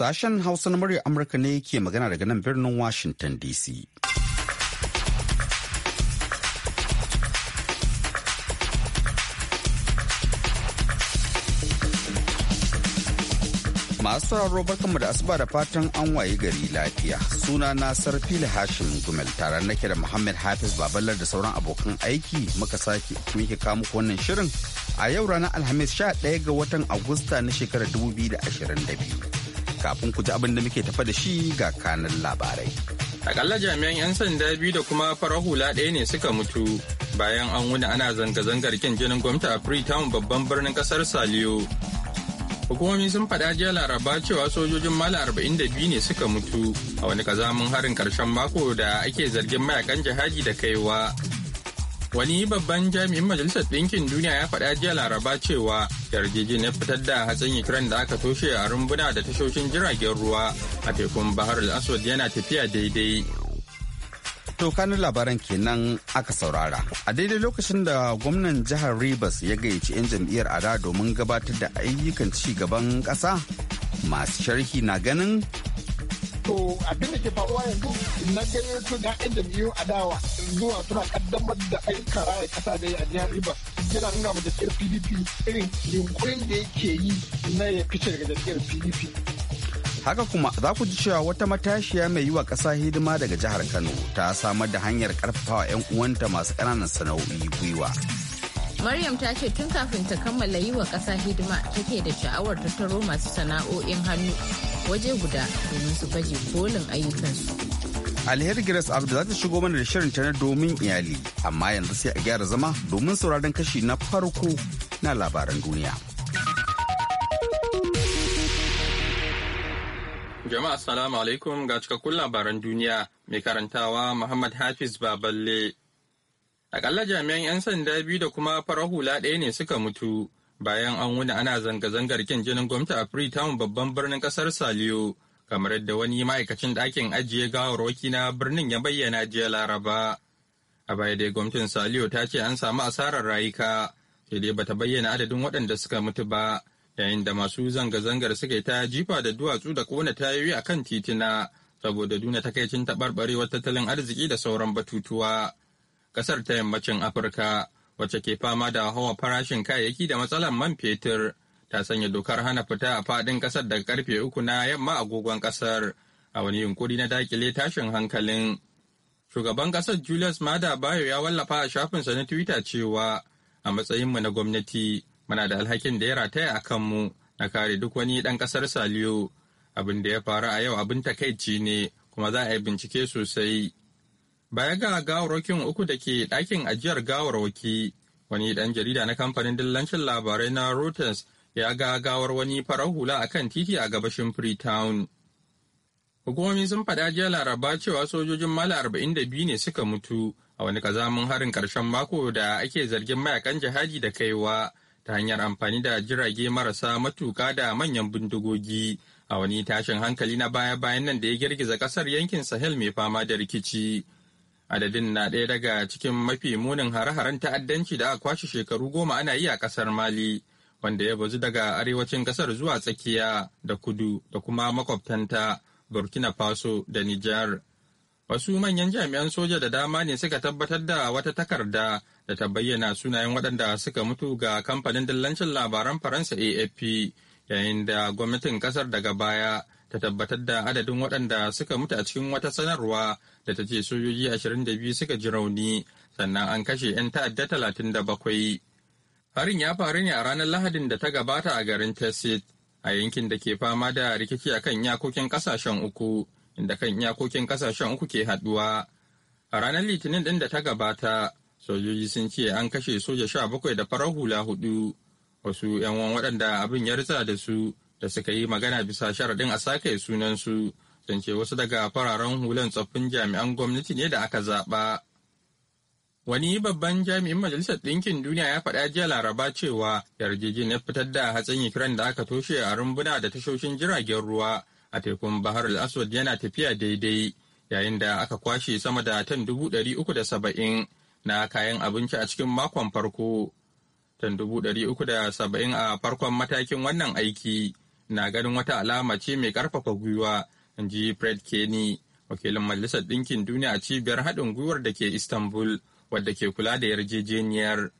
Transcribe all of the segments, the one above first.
Sashen Hausa na murya Amurka ne ke magana daga nan birnin Washington DC. Masu sauraro barkanmu da asuba da fatan an waye gari lafiya. Suna na da Hashim Gumel tare nake da Muhammad Hafiz Baballar da sauran abokan aiki muka sake muke kawo muku wannan shirin a yau ranar Alhamis 11 ga watan Agusta na shekarar 2022. kafin ku ji abin da muke tafa da shi ga kanan labarai. Akalla jami'an 'yan sanda biyu da kuma farar hula ɗaya ne suka mutu bayan an wuni ana zanga-zangar kin jinin gwamnati a Freetown babban birnin kasar Saliyo. Hukumomi sun faɗa jiya laraba cewa sojojin mala biyu ne suka mutu a wani kazamin harin ƙarshen mako da ake zargin mayakan jihadi da kaiwa. Wani babban jami'in Majalisar Ɗinkin Duniya ya faɗa jiya Laraba cewa yarjejeniyar fitar da hatsin Ukraine da aka toshe a rumbuna da tashoshin jiragen ruwa a tekun Bahar al-Aswad yana tafiya daidai. To labaran kenan aka saurara. A daidai lokacin da gwamnan jihar Rivers ya gayyaci 'yan jam'iyyar ada domin gabatar da ayyukan ci gaban ƙasa, masu sharhi na ganin to abin da ke faruwa yanzu na gani su ga yan jam'iyyu adawa zuwa suna kaddamar da ayyukan raya kasa da a jihar ribas yana nuna ma jami'ar PDP irin yunkurin da yake yi na ya fice daga jami'ar PDP. Haka kuma za ku ji cewa wata matashiya mai yi wa ƙasa hidima daga jihar Kano ta samar da hanyar ƙarfafawa 'yan uwanta masu ƙananan sana'o'i gwiwa. Maryam ta ce tun kafin ta kammala yi wa ƙasa hidima take da sha'awar tattaro masu sana'o'in hannu waje guda domin su baje kolin ayyukansu. Alheri Grace Abdu za ta shigo mana da shirin ta na domin iyali, amma yanzu sai a gyara zama domin sauraron kashi na farko na labaran duniya. Jama'a salamu alaikum ga cikakkun labaran duniya mai karantawa Muhammad Hafiz Baballe. Akalla jami'an 'yan sanda biyu da kuma farahula ɗaya ne suka mutu bayan an wuni ana zanga-zangar kin jinin gwamnati a freetown babban birnin kasar saliyo kamar yadda wani ma'aikacin ɗakin ajiye gawarwaki na birnin ya bayyana jiya laraba a baya dai gwamnatin saliyo ta ce an samu asarar rayuka sai dai bata bayyana adadin waɗanda suka mutu ba yayin da masu zanga-zangar suka ta jifa da duwatsu da kona tayoyi a kan titina saboda duna takaicin taɓarɓarewar tattalin arziki da sauran batutuwa ƙasar ta yammacin afirka wacce ke fama da hawa farashin kayayyaki da matsalar man fetur ta sanya dokar hana fita a fadin kasar daga karfe uku na yamma agogon kasar a wani yunkuri na dakile tashin hankalin shugaban kasar julius mada bayo ya wallafa a shafinsa na twitter cewa a matsayinmu na gwamnati muna da alhakin da ya rataya a kanmu na kare duk wani ɗan ƙasar saliyo abin da ya faru a yau abin takaici ne kuma za a yi bincike sosai Baya ga gawarwakin uku da ke ɗakin ajiyar gawarwaki, wani ɗan jarida na kamfanin dillancin labarai na Reuters ya ga gawar wani farar hula a kan titi a gabashin Freetown. Hukumomi sun faɗa jiya laraba cewa sojojin mala arba'in da biyu ne suka mutu a wani kazamin harin ƙarshen mako da ake zargin mayakan jihadi da kaiwa ta hanyar amfani da jirage marasa matuka da manyan bindigogi a wani tashin hankali na baya-bayan nan da ya girgiza ƙasar yankin Sahel mai fama da rikici. Adadin na ɗaya daga cikin mafi munin hare-haren ta'addanci da aka kwashe shekaru goma ana yi a ƙasar Mali, wanda ya bazu daga arewacin ƙasar zuwa tsakiya da kudu da kuma makwabtanta Burkina Faso da Nijar. Wasu manyan jami'an soja da dama ne suka tabbatar da wata takarda da ta bayyana sunayen waɗanda suka mutu ga kamfanin dillancin labaran Faransa AFP, yayin da gwamnatin ƙasar daga baya ta tabbatar da adadin waɗanda suka mutu a cikin wata sanarwa da ta ce sojoji 22 suka ji rauni sannan an kashe 'yan ta'adda 37. Harin ya faru ne a ranar Lahadin da ta gabata a garin Tessit a yankin da ke fama da rikici a kan yakokin kasashen uku inda kan yakokin kasashen uku ke haɗuwa. A ranar Litinin ɗin da ta gabata sojoji sun ce an kashe soja 17 da farar hula hudu wasu 'yan waɗanda abin ya da su da suka yi magana bisa sharaɗin a sake sunansu don ce wasu daga fararen hulan tsoffin jami'an gwamnati ne da aka zaɓa. Wani babban jami'in Majalisar Ɗinkin Duniya ya faɗa jiya Laraba cewa yarjejeniyar fitar da hatsin Ukraine da aka toshe a rumbuna da tashoshin jiragen ruwa a tekun Bahar al-Aswad yana tafiya daidai yayin da aka kwashe sama da tan dubu ɗari uku da saba'in na kayan abinci a cikin makon farko. Tan dubu ɗari uku da saba'in a farkon matakin wannan aiki na ganin wata alama ce mai karfafa gwiwa in ji fred kenny wakilin majalisar ɗinkin duniya a cibiyar haɗin gwiwar da ke istanbul wadda ke kula da yarjejeniyar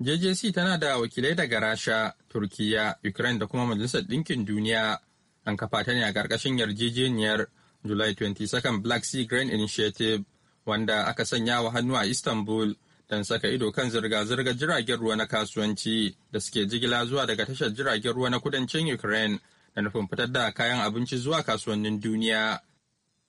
jjc tana da wakilai daga rasha turkiya ukraine da kuma majalisar ɗinkin duniya an kafa ta ne a ƙarƙashin yarjejeniyar july 22 black sea grain initiative wanda aka sanya wa hannu a istanbul don saka ido kan zirga-zirgar jiragen ruwa na kasuwanci da suke jigila zuwa daga tashar jiragen ruwa na kudancin Ukraine da nufin fitar da kayan abinci zuwa kasuwannin duniya.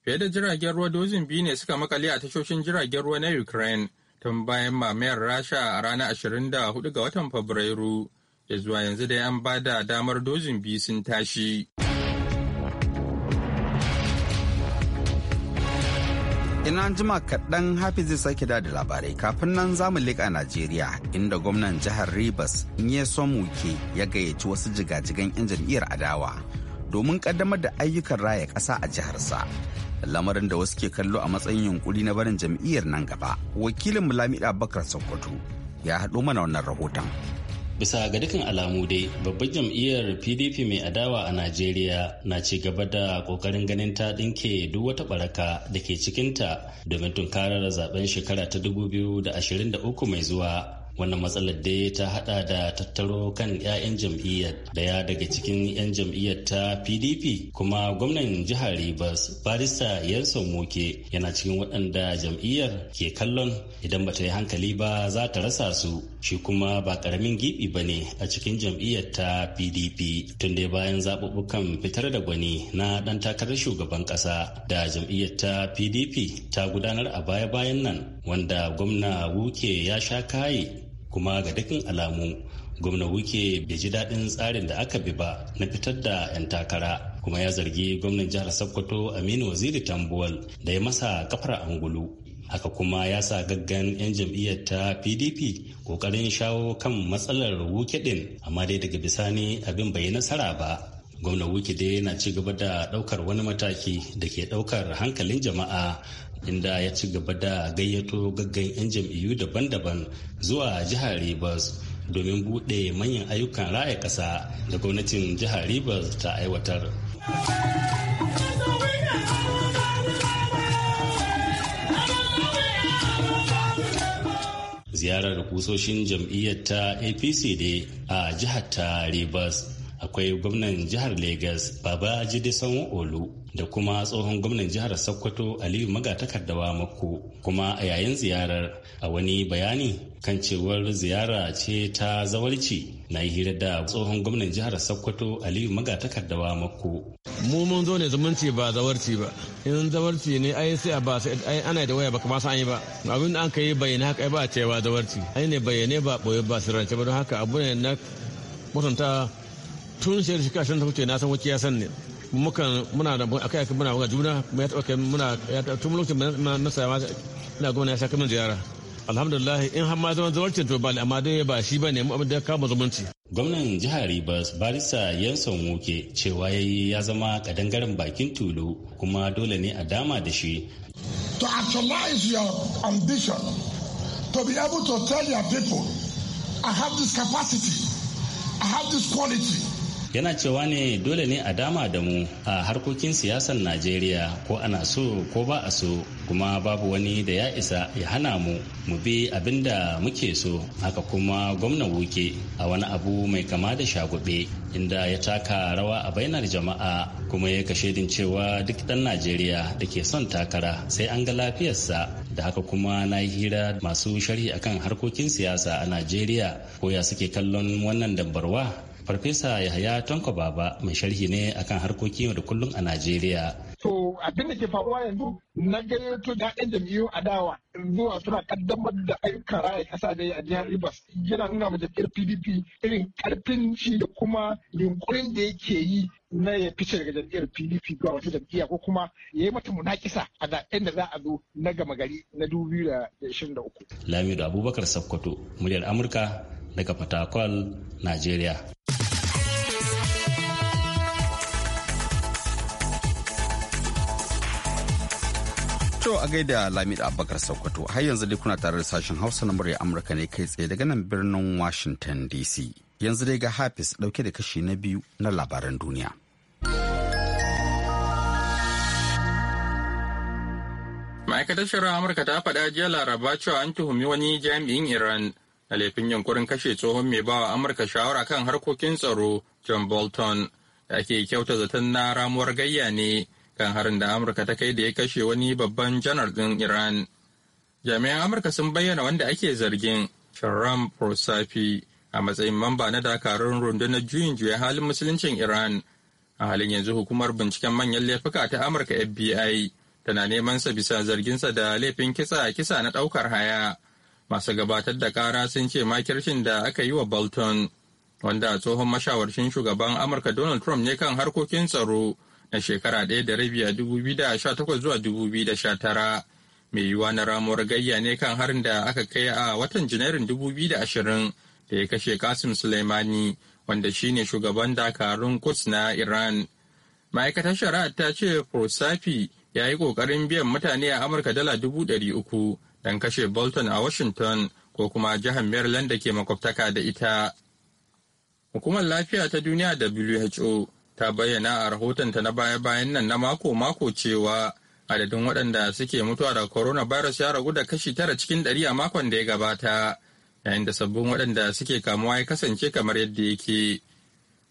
Fiye da jiragen ruwa dozin biyu ne suka makale a tashoshin jiragen ruwa na Ukraine tun bayan mamayar Rasha a ranar 24 ga watan Fabrairu. Ya zuwa yanzu dai an ba da damar dozin biyu sun tashi. ina jima kaɗan hafiz zai sake da labarai kafin nan zamu leƙa najeriya inda gwamnan jihar Ribas nyesom muke ya gayyaci wasu jigajigan 'yan jam'iyyar adawa domin ƙaddamar da ayyukan raya ƙasa a jiharsa lamarin da wasu ke kallo a matsayin yunkuri na barin jam'iyyar nan gaba wakilin mulamida bakar sokoto ya haɗo mana wannan rahoton bisa ga dukkan alamu dai babbar jam'iyyar pdp mai adawa a najeriya na ci gaba da kokarin ganin ta ɗinke duk wata baraka da ke cikinta domin tunkarar zaben shekara ta 2023 mai zuwa wannan matsalar dai ta hada da tattaro kan 'ya'yan jam'iyyar daya daga cikin 'yan jam'iyyar ta pdp kuma gwamnan jihar rivers barista yanson moke yana cikin waɗanda jam'iyyar ke kallon idan bata yi hankali ba za ta rasa su shi kuma ba karamin gibi ba ne a cikin jam'iyyar ta pdp tun dai bayan zaɓuɓɓukan fitar da gwani na ɗan takarar shugaban ƙasa da jam'iyyar ta pdp ta gudanar a baya-bayan nan wanda gwamna wuke ya sha kaye kuma ga dukkan alamu gwamna wuke bai ji daɗin tsarin da aka bi ba na fitar da 'yan takara kuma ya zargi gwamnan jihar sokoto aminu waziri tambuwal da ya masa kafar angulu haka kuma ya sa gaggan 'yan jam'iyyar ta pdp kokarin shawo kan matsalar wuke din amma dai daga bisani abin bai nasara ba gwamnan wuke dai yana ci gaba da daukar wani mataki da ke daukar hankalin jama'a inda ya ci gaba da gayyato gaggan 'yan jam'iyyu daban-daban zuwa jihar ribas domin buɗe manyan ayyukan raya ƙasa da gwamnatin jihar ribas ta aiwatar. ziyarar kusoshin jam'iyyar ta apc ne a jihar ta rivers akwai gwamnan jihar Legas baba jidesan olu da kuma tsohon gwamnan jihar sokoto aliyu magatakardawa mako kuma a yayin ziyarar a wani bayani kan cewar ziyara ce ta zawarci na yi hira da tsohon gwamnan jihar sokoto aliyu magatakardawa mako mu mun zo ne zumunci ba zawarci ba in zawarci ne ai sai a ba sai ai ana da waya ba kuma san yi ba abin da an kai bayyana haka ba a cewa zawarci ai ne bayyane ba boye ba sirrance ba don haka abu ne na mutunta tun shi shi kashin ta na san wuce ya san ne mukan muna da akai akai muna ga juna ya taba kai muna tun lokacin na saya ma ina gwamna ya sha kamin ziyara alhamdulillah in har ma zaman zawarcin to bali amma dai ba shi ne mu da kama zumunci gwamnan jihar Ribas barisa yanson woke cewa ya yi ya zama kadangaren bakin tulu kuma dole ne a dama da shi to actualize your ambition to be able to tell your people i have this capacity i have this quality yana cewa ne dole ne a dama da mu a harkokin siyasar najeriya ko ana so ko ba a so kuma babu wani da ya isa ya hana mu mu bi abin da muke so haka kuma gwamna wuke a wani abu mai kama da shagube inda ya taka rawa a bainar jama'a kuma ya kashe din cewa duk dan najeriya da ke son takara sai an ga lafiyarsa da haka kuma na yi hira masu sharhi akan harkokin siyasa a najeriya ko ya suke kallon wannan dambarwa Farfesa Yahaya Tanko Baba mai sharhi ne akan harkokin yau da kullum a Najeriya. To abin da ke faruwa yanzu na gayyato daɗin jam'iyyu a dawa zuwa suna kaddamar da ayyukan raya ƙasa da a jihar Rivers yana nuna mu jam'iyyar PDP irin ƙarfin shi da kuma yunkurin da yake yi na ya fice daga jam'iyyar PDP zuwa wata jam'iyya ko kuma ya yi mata munakisa a zaɓen da za a zo na gama gari na 2023. Lamido Abubakar Sakkwato, muryar Amurka daga fatakwal najeriya To a gaida Lamid Abubakar Sokoto har yanzu dai kuna tare da sashen Hausa na murya Amurka ne kai tsaye daga nan birnin Washington DC. Yanzu dai ga Hafiz dauke da kashi na biyu na labaran duniya. Ma'aikatar shirin Amurka ta faɗa jiya Laraba cewa an tuhumi wani jami'in Iran a laifin yunkurin kashe tsohon mai bawa amurka shawara kan harkokin tsaro john bolton da ake kyauta zaton na ramuwar gayya ne kan harin da amurka ta kai da ya kashe wani babban janar ɗin iran jami'an amurka sun bayyana wanda ake zargin sharon prosafi a matsayin mamba na dakarun rundunar juyin juya halin musuluncin iran a halin yanzu hukumar binciken manyan laifuka ta amurka fbi tana neman sa bisa zarginsa da laifin kisa kisa na ɗaukar haya masu gabatar da kara sun ce makircin da aka yi wa bolton wanda tsohon mashawarcin shugaban amurka donald trump ne kan harkokin tsaro na shekara ɗaya da rabi a 2018 zuwa 2019 mai yiwuwa na ramuwar gayya ne kan harin da aka kai a watan janairun 2020 da ya kashe kasim suleimani wanda shi ne shugaban dakarun quds na iran ma'aikatar shari'a ta ce prosafi ya yi ƙoƙarin biyan mutane a amurka dala dubu ɗari uku dan kashe Bolton a Washington ko kuma jihar Maryland da ke makwabtaka da ita. Hukumar Lafiya ta Duniya WHO ta bayyana a rahotonta na baya-bayan nan na mako-mako cewa adadin waɗanda suke mutuwa da coronavirus ya ragu da kashi tara cikin ɗari a makon da ya gabata, yayin da sabbin waɗanda suke kamuwa ya kasance kamar yadda yake.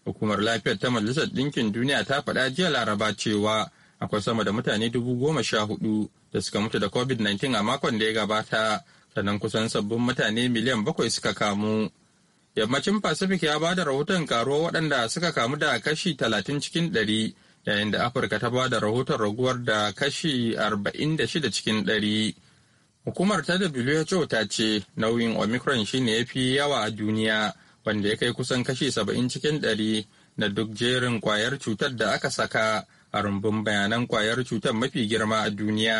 Hukumar Lafiyar ta Majalisar Ɗinkin Duniya ta faɗa jiya Laraba cewa akwai sama da mutane dubu goma sha hudu da suka mutu da covid-19 a makon da ya gabata sannan kusan sabbin mutane miliyan bakwai suka kamu yammacin pacific ya ba da rahoton karuwa waɗanda suka kamu da kashi talatin cikin ɗari yayin da afirka ta ba da rahoton raguwar da kashi arba'in da cikin ɗari hukumar ta who ta ce nauyin omicron shine ya fi yawa a duniya wanda ya kai kusan kashi saba'in cikin ɗari na duk jerin kwayar cutar da aka saka a rumbun bayanan kwayar cutar mafi girma a duniya.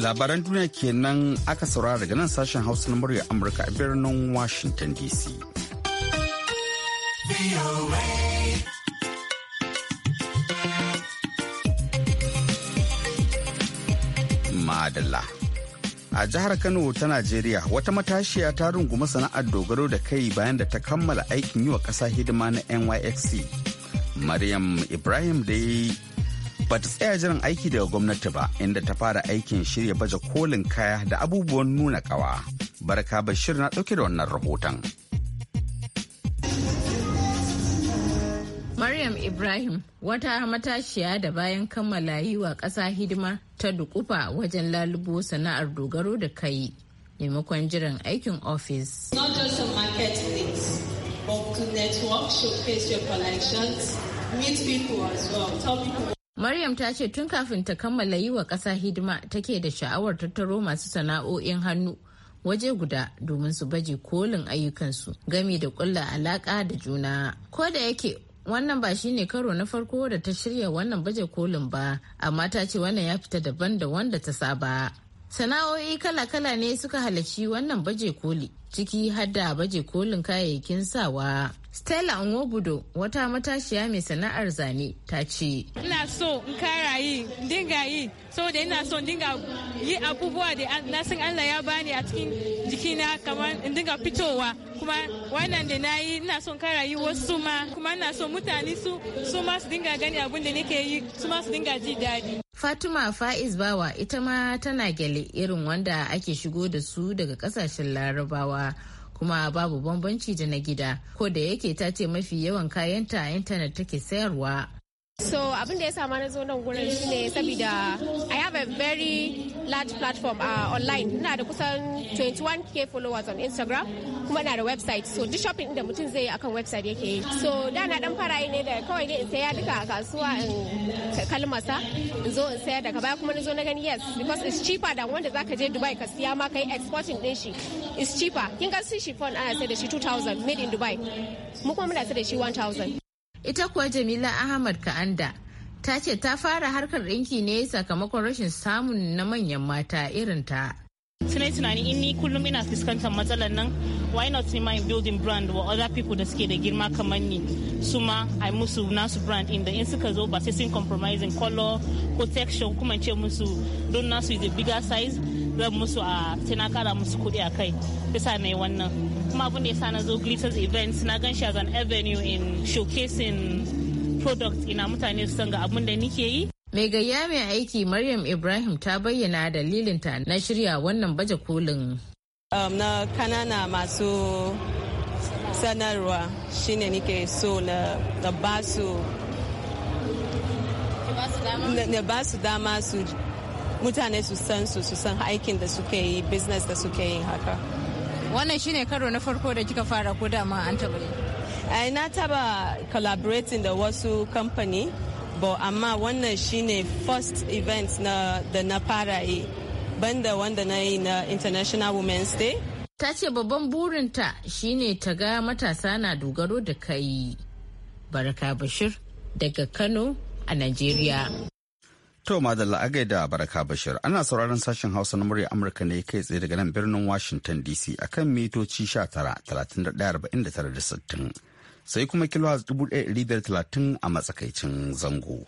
Labaran duniya kenan aka saurara daga nan sashen hausa na murya Amurka a birnin Washington DC. Madalla. a jihar kano ta najeriya wata matashiya ta runguma sana'ar dogaro da kai bayan da ta kammala aikin yi wa ƙasa hidima na nysc maryam ibrahim dai ba ta tsaya jiran aiki daga gwamnati ba inda ta fara aikin shirya baje kolin kaya da abubuwan nuna kawa barka bashir na ɗauke da wannan rahoton Maryam Ibrahim wata matashiya da bayan kammala yi wa ƙasa hidima ta dukufa wajen lalubo sana'ar dogaro da kai maimakon jiran aikin ofis. Maryam ta ce tun kafin ta kammala yi wa ƙasa hidima take da sha'awar tattaro masu sana'o'in hannu waje guda domin su baje kolin ayyukansu game da kulla alaka da juna ko da yake wannan ba shi ne karo na farko da ta shirya wannan baje kolin ba amma ta ce wannan ya fita daban da wanda ta saba sana'o'i kala-kala ne suka halarci wannan baje koli ciki har da baje kolin kayayyakin sawa Stella Nwobudo wata matashiya mai sana'ar zane ta ce. Ina so in kara yi, dinga yi, saboda ina so in dinga yi abubuwa da na san Allah ya bani a cikin jikina kamar in dinga fitowa. Kuma wannan da na yi ina so in kara yi wasu ma, kuma ina so mutane su su ma su dinga gani abin da nake yi, su ma su dinga ji daɗi. Fatima Faiz Bawa ita ma tana gyale irin wanda ake shigo da su daga kasashen Larabawa. kuma babu bambanci da na gida ko da yake ta ce mafi yawan kayanta a intanet take sayarwa So abin da ya sa na zo nan gurin ne saboda I have a very large platform uh, online. Ina da kusan 21k followers on Instagram kuma ina da website. So duk shopping da mutum zai yi akan website yake yi. So da na dan fara ne da kawai ne in saya duka a kasuwa in kalmasa in zo in saya daga baya kuma na zo na gani yes because it's cheaper than wanda zaka je Dubai ka siya ma kai exporting din shi. It's cheaper. Kin ga shi phone ana sai da shi 2000 made in Dubai. Mu kuma muna sai da shi 1000. Ita kuwa Jamila Ahmad Ka'anda ta ce ta fara harkar ɗinki ne sakamakon rashin samun na manyan mata irin ta. tunai tunani in ni kullum ina fuskantar matsalar nan why not in my building brand wa other people da suke da girma kamar ni su ma ai musu nasu brand inda in suka zo ba sai sun compromising color ko texture kuma ce musu don nasu is a bigger size zan musu a sai na kara musu kuɗi a kai bisa na wannan kuma abin da ya sa na zo glitters events na gan shi as an avenue in showcasing products ina mutane su san ga abin da nike yi Mai gayya mai aiki Maryam Ibrahim ta bayyana dalilinta na shirya wannan baje kolin. Um, na kanana masu sanarwa shine nike so na, na basu ne ba basu dama su mutane su san su su san aikin da suke yi business da suke yi haka wannan shine karo na farko da kika fara ko da an taba yi na taba collaborating da wasu company bo amma wannan shine first event na da na fara yi banda wanda na yi na international women's day ta ce babban burinta shine ta ga matasa na dogaro da kai baraka bashir daga kano a nigeria To madalla agai da baraka bashir ana sauraron sashen hausa na murya amurka ne kai tsaye daga nan birnin washington dc akan mitoci 19 sai kuma kilohaz 1530 a matsakaicin zango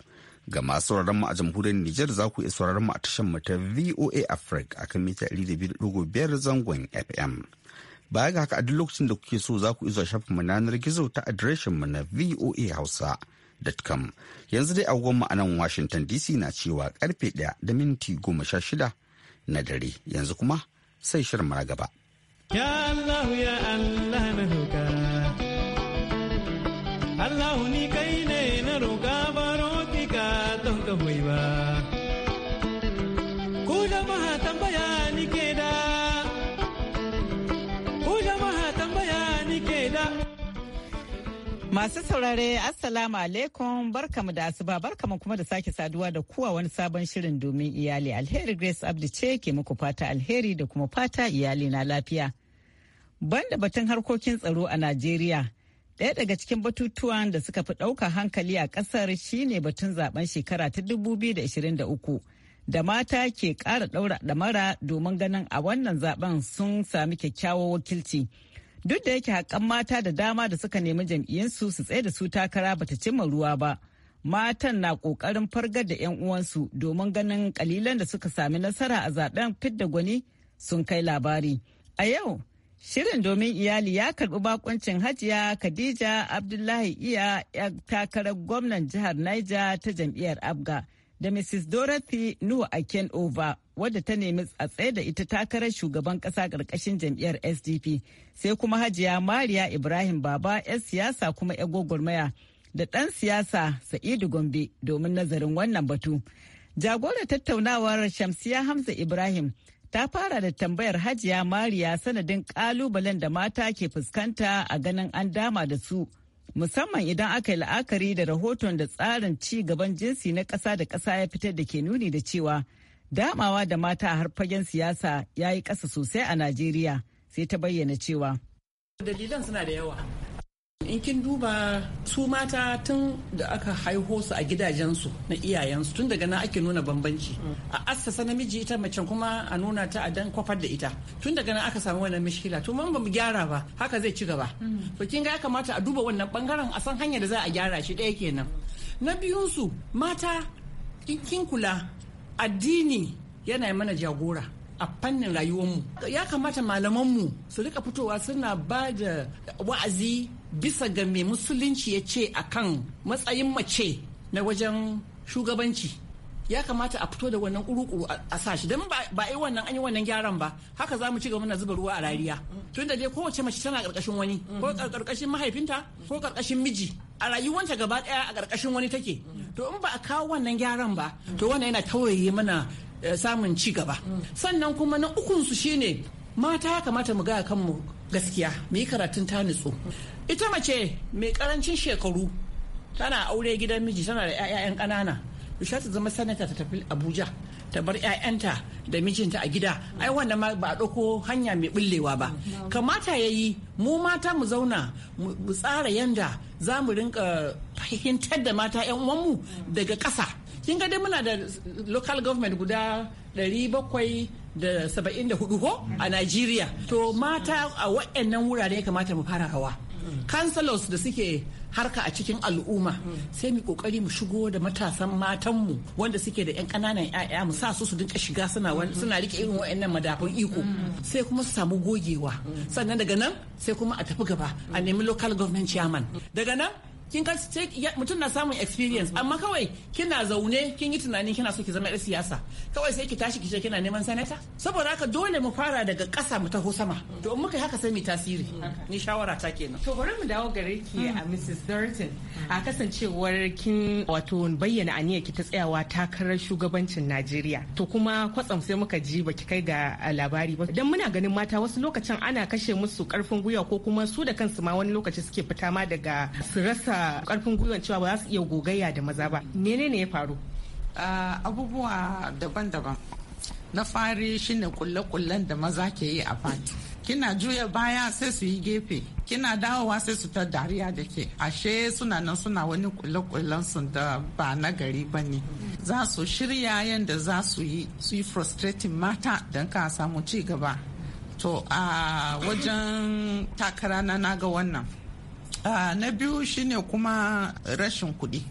ga masu sauraron mu a jamhuriyar niger za ku iya sauraron mu a tashar mu ta voa africa akan mita 200.5 zangon fm baya ga haka a duk lokacin da kuke so za ku iya shafin mu na yanar gizo ta adireshin mu na voa hausa. com yanzu dai agogon ma'anan washington dc na cewa karfe ɗaya da minti goma sha shida na dare yanzu kuma sai shirin mara gaba ya allah ya allah na roka allah ni kai ne na roka baro ki don ka ba ku da tambaya ni ke da Masu saurare Assalamu alaikum barkamu da asuba barkamu kuma da sake saduwa da kuwa wani sabon shirin domin iyali alheri Grace Abdi ce ke muku fata alheri da kuma fata iyali na lafiya. Banda batun harkokin tsaro a Najeriya Ɗaya daga cikin batutuwan da suka fi ɗauka hankali a ƙasar shine batun zaben shekara ta 2023 da mata ke ƙara ɗaura ɗamara domin ganin a wannan zaben sun sami kyakkyawar wakilci. duk da yake hakan mata da dama da suka nemi jam'iyyinsu su tsaye da su takara bata cimma ruwa ba matan na ƙoƙarin fargar da 'yan uwansu domin ganin ƙalilan da suka sami nasara a zaben fidda gwani sun kai labari a yau shirin domin iyali ya karɓi bakuncin hajiya khadija abdullahi iya takarar gwamnan jihar niger ta jam'iyyar abga da Mrs. Dorothy Nuwa Aken Over wadda ta nemi a tsaye da ita takarar shugaban kasa ƙarƙashin jam'iyyar SDP sai kuma Hajiya Mariya Ibrahim Baba 'yar siyasa kuma 'yar gwagwarmaya da ɗan siyasa Sa'idu Gombe domin nazarin wannan batu. Jagorar tattaunawar Shamsiya Hamza Ibrahim ta fara da tambayar Hajiya Mariya sanadin ƙalubalen da mata ke fuskanta a ganin an dama da su musamman idan aka yi la'akari da rahoton da tsarin ci gaban jinsi na ƙasa da ƙasa ya fitar da ke nuni da cewa damawa da mata a harfagen siyasa ya yi ƙasa sosai a najeriya sai ta bayyana cewa dalilan suna da yawa in kin duba su mata tun da aka haiho su a gidajensu na iyayensu tun daga na ake nuna bambanci a assasa namiji ita macen kuma a nuna ta a dan kwafar da ita tun daga na aka samu wannan mishkila to mun bamu gyara ba haka zai ci gaba mm. to kin ga ya kamata a duba wannan bangaren a san hanyar da za a gyara shi ɗaya kenan na biyun su mata in kin kula addini yana mana jagora a fannin mu. ya kamata mu su rika fitowa suna ba da wa'azi bisa ga mai musulunci ya ce akan matsayin mace na wajen shugabanci ya kamata a fito da wannan kuru-kuru a sashi don ba yi wannan an yi wannan gyaran ba haka za mu ci gaba na zuba ruwa a rariya tun da dai kowace mace tana karkashin wani ko karkashin mahaifinta ko karkashin miji a rayuwanta gaba daya a karkashin wani take to in ba a kawo wannan gyaran ba to wannan yana tauraye mana eh, samun ci gaba sannan kuma na ukunsu shine mata ya kamata mu gaya kanmu gaskiya mu yi karatun ta nutsu ita mace mai karancin shekaru tana aure gidan miji tana da 'ya'yan ƙanana ta zama sanata ta tafi abuja ta bar 'ya'yanta da mijinta a gida ai wannan ma ba a ɗauko hanya mai bullewa ba kamata ya yi mu mata mu zauna mu tsara yanda za mu rinka fahimtar da mata 'yan uwanmu daga ƙasa kin ga dai muna da local government guda 700 da saba'in da hudu ko a Najeriya. To mata a wa'annan wurare ya kamata mu fara hawa. Councilors da suke harka a cikin al'umma sai mu kokari mu shigo da matasan matan mu wanda suke da yan kananan yaya mu sa su su dinka shiga suna suna rike irin wa'annan madafun iko sai kuma su samu gogewa sannan daga nan sai kuma a tafi gaba a nemi local government chairman daga nan kin ka mutum na samun experience amma kawai kina zaune kin yi tunani kina so ki zama 'yar siyasa kawai sai ki tashi ki ce kina neman sanata saboda haka dole mu fara daga kasa mu taho sama to in muka haka sai mu tasiri ni shawara ta kenan to bari mu dawo gare ki a uh, Mrs. Durton a kasancewar kin wato bayyana aniyar ki ta tsayawa takarar shugabancin Najeriya to kuma kwatsam sai muka ji baki kai ga uh, labari ba dan muna ganin mata wasu lokacin ana kashe musu karfin gwiwa ko kuma su da kansu ma wani lokaci suke fita ma daga su rasa karfin gwiwan cewa ba za su iya gogayya da maza ba menene ya faru abubuwa daban-daban na fari shine kulle-kullen da maza ke yi a fati kina juya baya sai su yi gefe kina dawowa sai su ta dariya da ke ashe suna nan suna wani kulle-kullen su da ba na gari ba ne za su shirya yadda za su yi su yi frustrating mata don ka samu ci gaba to a wajen takara na naga wannan na biyu shine kuma rashin kuɗi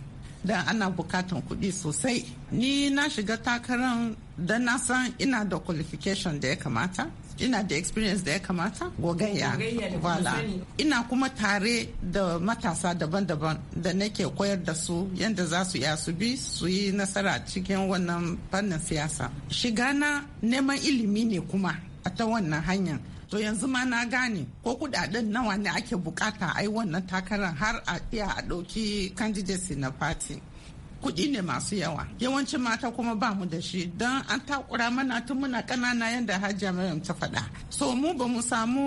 don ana bukatan kuɗi sosai ni na shiga takarar da na san ina da qualification da ya kamata ina da experience da ya kamata gogayya wala ina kuma tare da matasa daban-daban da nake koyar da su yadda za su iya su bi su yi nasara cikin wannan fannin siyasa shiga na neman ilimi ne kuma a ta wannan hanyar to yanzu ma na gane ko kudaden nawa ne ake bukata ai wannan takarar har a iya a ɗauki candidacy na party kuɗi ne masu yawa yawancin mata kuma ba mu da shi don an takura mana tun muna ƙanana yadda hajja maryam ta faɗa so mu ba mu samu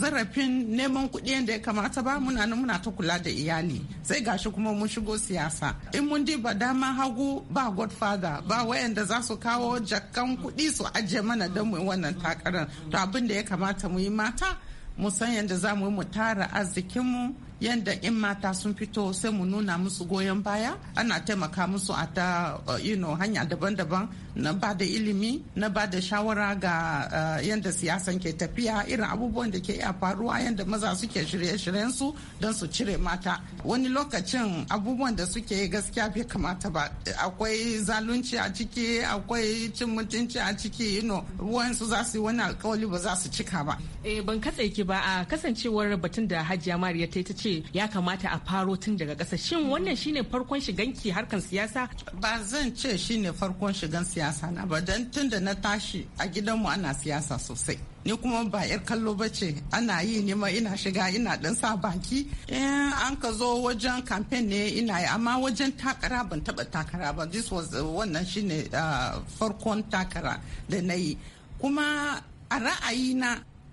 zarafin neman kuɗi yadda ya kamata ba muna nan muna ta kula da iyali sai gashi kuma mun shigo siyasa in mun ba dama hagu ba godfather ba wayanda za su kawo jakan kuɗi su ajiye mana don mu wannan takarar to abin da ya kamata mu yi mata mu san yadda za mu yi mu tara arzikinmu yadda in mata sun fito sai mu nuna musu goyon baya ana taimaka musu a ta uh, hanya daban-daban na ba da ilimi na ba da shawara ga eh, yadda siyasan ke tafiya irin abubuwan da ke iya faruwa yadda maza suke shirye-shiryen su don su cire mata wani lokacin abubuwan da suke gaskiya bai kamata ba akwai zalunci a ciki akwai cin mutunci a ciki ino wayansu za su yi wani alkawali ba za su cika ba eh ban katse ki ba a kasancewar batun da hajiya mariya ta ta ce ya kamata a faro tun daga ƙasa shin wannan shine farkon shiganki harkan siyasa ba zan ce shine farkon shigan siyasa siyasa na ba don tun da na tashi a gidanmu ana siyasa sosai ni kuma ba yar kallo ba ce ana yi ne ma ina shiga ina dan sa baki in eh, an ka zo wajen kamfen ne ina yi amma wajen takara ban taba takara ba this was uh, wannan shine uh, farkon takara da na yi kuma a ra'ayi na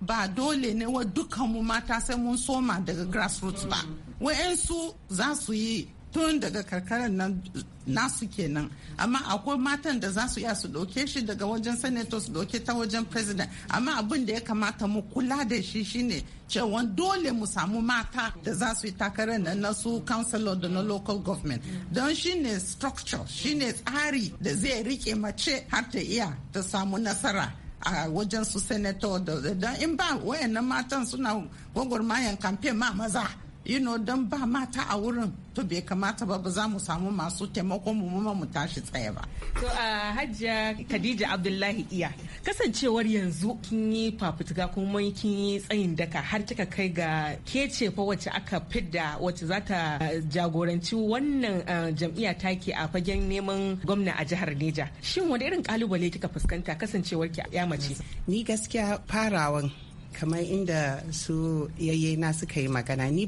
ba dole ne wa dukkanmu mata sai mun soma daga grassroots ba mm. wa'yansu za su yi tun daga karkarar nan nasu kenan amma akwai matan da za su iya su ɗauke shi daga wajen senator su ɗauke ta wajen president amma abin da ya kamata mu kula da shi shine cewa dole mu samu mata da za su yi takarar nan na su councilor da na local government don shine structure shine tsari da zai rike mace har ta iya ta samu nasara a wajen su senator da in ba wayannan matan suna gwagwarmayan kamfe ma maza you know don ba mata a wurin to bai kamata ba ba za mu samu masu taimakon mu mu tashi tsaye ba to a hajjia khadija abdullahi iya kasancewar yanzu kin yi fafutuka kuma kin yi tsayin daka har kika kai ga kece fa wacce aka fidda wacce za ta jagoranci wannan jam'iyya ke a fagen neman gwamna a jihar Neja shin wani irin kalubale kika fuskanta kasancewar ki ya mace ni gaskiya farawan kamar inda su yayye na suka yi magana ni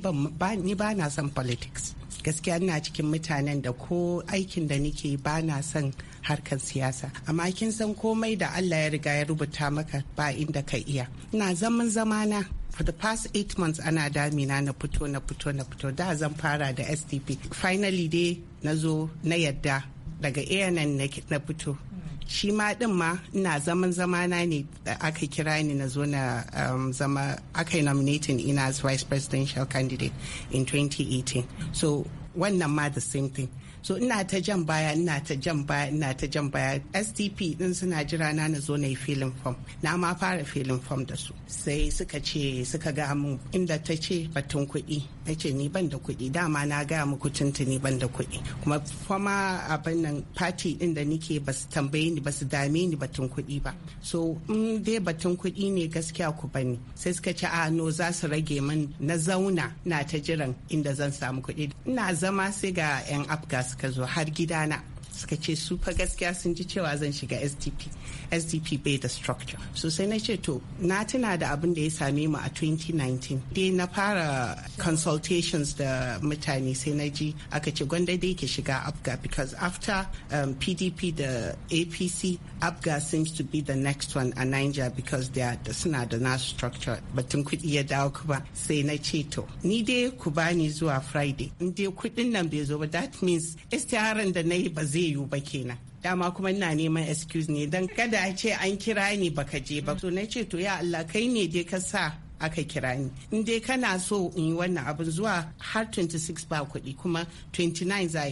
ba na son politics gaskiya ina cikin mutanen da ko aikin da nike ba na son harkar siyasa amma kin san komai da allah ya riga ya rubuta maka ba inda ka iya ina zaman zamana for the past eight months ana damina na fito na fito na fito da zan fara da sdp finally dai na zo na yadda daga ann na fito shi ma din ma ina zaman zama na ne aka kira ni na zo na um, zama aka yi nominating ina as vice presidential candidate in 2018 so wannan ma the same thing so ina ta jan baya ina ta jan baya ina ta jan baya stp din suna jira na na zo na yi filin fom na ma fara filin fom da su sai suka ce suka ga mu inda ta ce batun kuɗi na ce ni ban da kuɗi dama na gaya muku tuntuni ban da kuɗi kuma fama abin nan fati din da nike ba su tambaye ni ba su dame ni batun kuɗi ba so in dai batun kuɗi ne gaskiya ku bani sai suka ce a ah, no za su rage min na zauna na ta jiran inda zan samu kuɗi ina zama sai ga 'yan afgas suka zo har gidana suka ce su fa gaskiya sun ji cewa zan shiga sdp sdp bai da structure sosai na ce to na tuna da abin da ya same mu a 2019 dai na fara consultations da mutane sai na ji aka ce gwanda dai ke shiga abga because after um, pdp da apc abga seems to be the next one a niger because they are suna da na structure batun kuɗi ya dawo kuma sai na ce to ni dai ku bani zuwa friday in dai kuɗin nan bai zo ba that means istiharan da na yi ba zai ba kenan dama kuma ina neman excuse ne don kada a ce an kira ni baka je ba to na ce to ya Allah kai ne dai ka sa aka kira ni in dai kana so in yi wannan abin zuwa har 26 ba kuɗi kuma 29 za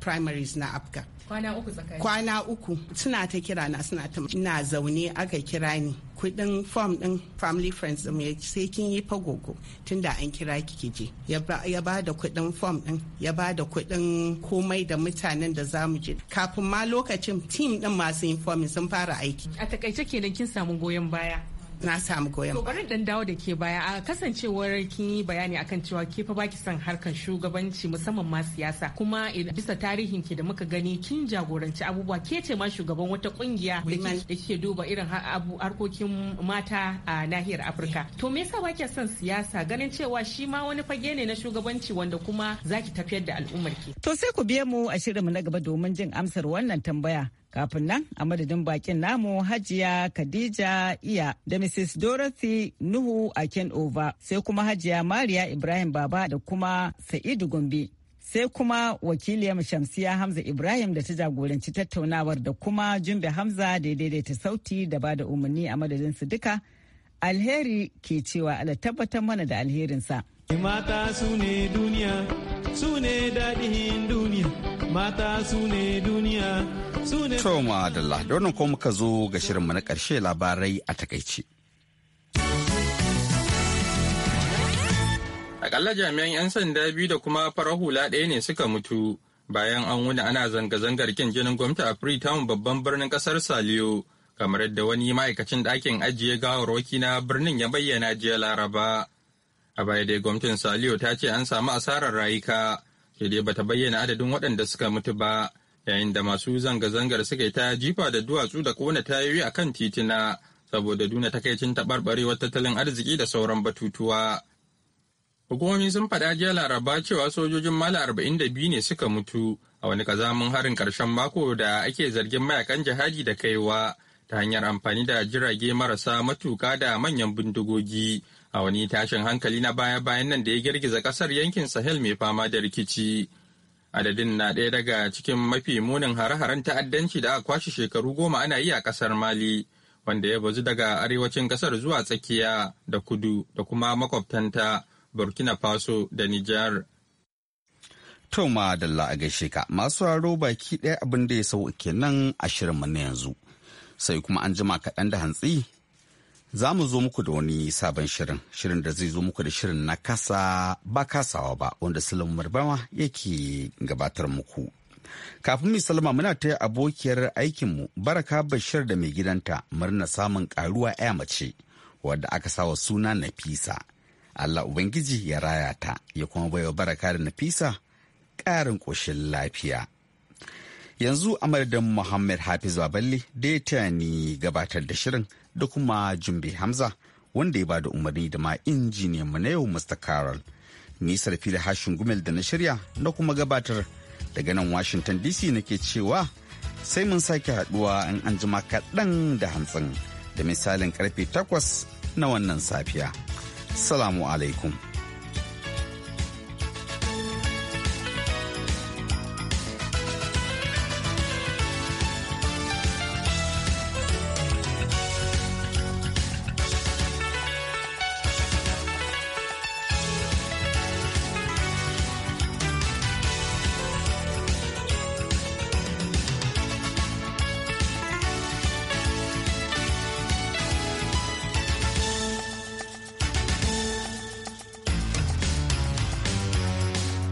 primaries na afghan kwana uku tsakani kwana uku suna ta kira na suna ta na zaune aka kira ni kudin form din family friends din sai kin yi fa fagogo tunda an kira ki je ya ba da kudin form din ya ba da kudin komai da mutanen da za mu je kafin ma lokacin team din masu informing sun fara aiki a takaice kenan kin samu goyon baya na samu goyon ba bari dan dawo da ke baya a kasancewar kin yi bayani akan cewa ke fa baki son harkar shugabanci musamman ma siyasa kuma bisa tarihin ki da muka gani kin jagoranci abubuwa ke ce ma shugaban wata kungiya da ke duba irin harkokin mata a nahiyar Afirka to me yasa baki son siyasa ganin cewa shi ma wani fage ne na shugabanci wanda kuma zaki tafiyar da al'ummar ki to sai ku biye mu a mu na gaba domin jin amsar wannan tambaya Kafin nan a madadin bakin namu Hajiya Khadija Iya da Mrs. Dorothy Nuhu a Over sai kuma Hajiya Mariya Ibrahim Baba da kuma Sa'idu Gombe. Sai kuma wakiliyar Shamsiya Hamza Ibrahim da ta jagoranci tattaunawar da kuma Jumbe Hamza da daidaita sauti da bada umarni a madadin su duka. Alheri ke cewa ala tabbatar mana da alherinsa. Mata su ne duniya, su ne daɗin duniya, mata su ne duniya. Toma Adalla, da wannan kuma muka zo ga shirinmu na ƙarshe labarai a takaice. Akalla jami'an 'yan sanda biyu da kuma farar hula ɗaya ne suka mutu bayan an wuni ana zanga-zangar kin jinin gwamnati a Freetown babban birnin ƙasar Saliyo, kamar yadda wani ma'aikacin ɗakin ajiye gawarwaki na birnin ya bayyana jiya Laraba. A baya dai gwamnatin Saliyo ta ce an samu asarar rayuka, sai dai bata bayyana adadin waɗanda suka mutu ba. yayin da masu zanga-zangar suka yi ta jifa da duwatsu da kona tayoyi a kan titina saboda duna takaicin taɓarɓarewar tattalin arziki da sauran batutuwa. Hukumomi sun faɗa jiya laraba cewa sojojin mala arba'in da biyu ne suka mutu a wani kazamin harin ƙarshen mako da ake zargin mayakan jihadi da kaiwa ta hanyar amfani da jirage marasa matuka da manyan bindigogi a wani tashin hankali na baya-bayan nan da ya girgiza ƙasar yankin Sahel mai fama da rikici. Adadin na ɗaya daga cikin mafi munin hare-haren ta'addanci da aka kwashe shekaru goma ana yi a ƙasar Mali, wanda ya bazu daga arewacin ƙasar zuwa tsakiya da kudu da kuma makwabtanta Burkina Faso da Nijar. To ma dalla a gaishe masu raro baki ɗaya abin da ya sau kenan a shirinmu na yanzu. Sai kuma an jima kaɗan da hantsi za mu zo muku da wani sabon shirin shirin da zai zo muku da shirin na kasa ba kasawa ba wanda Salamu marbawa yake gabatar muku kafin mu salama muna ta abokiyar aikinmu baraka bashir da mai gidanta murna samun karuwa ya mace wadda aka sawa suna nafisa allah ubangiji ya raya ta ya kuma baiwa baraka da nafisa ƙarin ƙoshin lafiya yanzu a madadin muhammad hafiz baballe da ya taya ni gabatar da shirin da kuma jumbe hamza wanda ya ba da umarni da ma injiniyan mu na yau mr carol nisar fili hashin gumel da na shirya na kuma gabatar daga nan washington dc nake cewa sai mun sake haduwa in an jima kaɗan da hantsin da misalin karfe takwas na wannan safiya salamu alaikum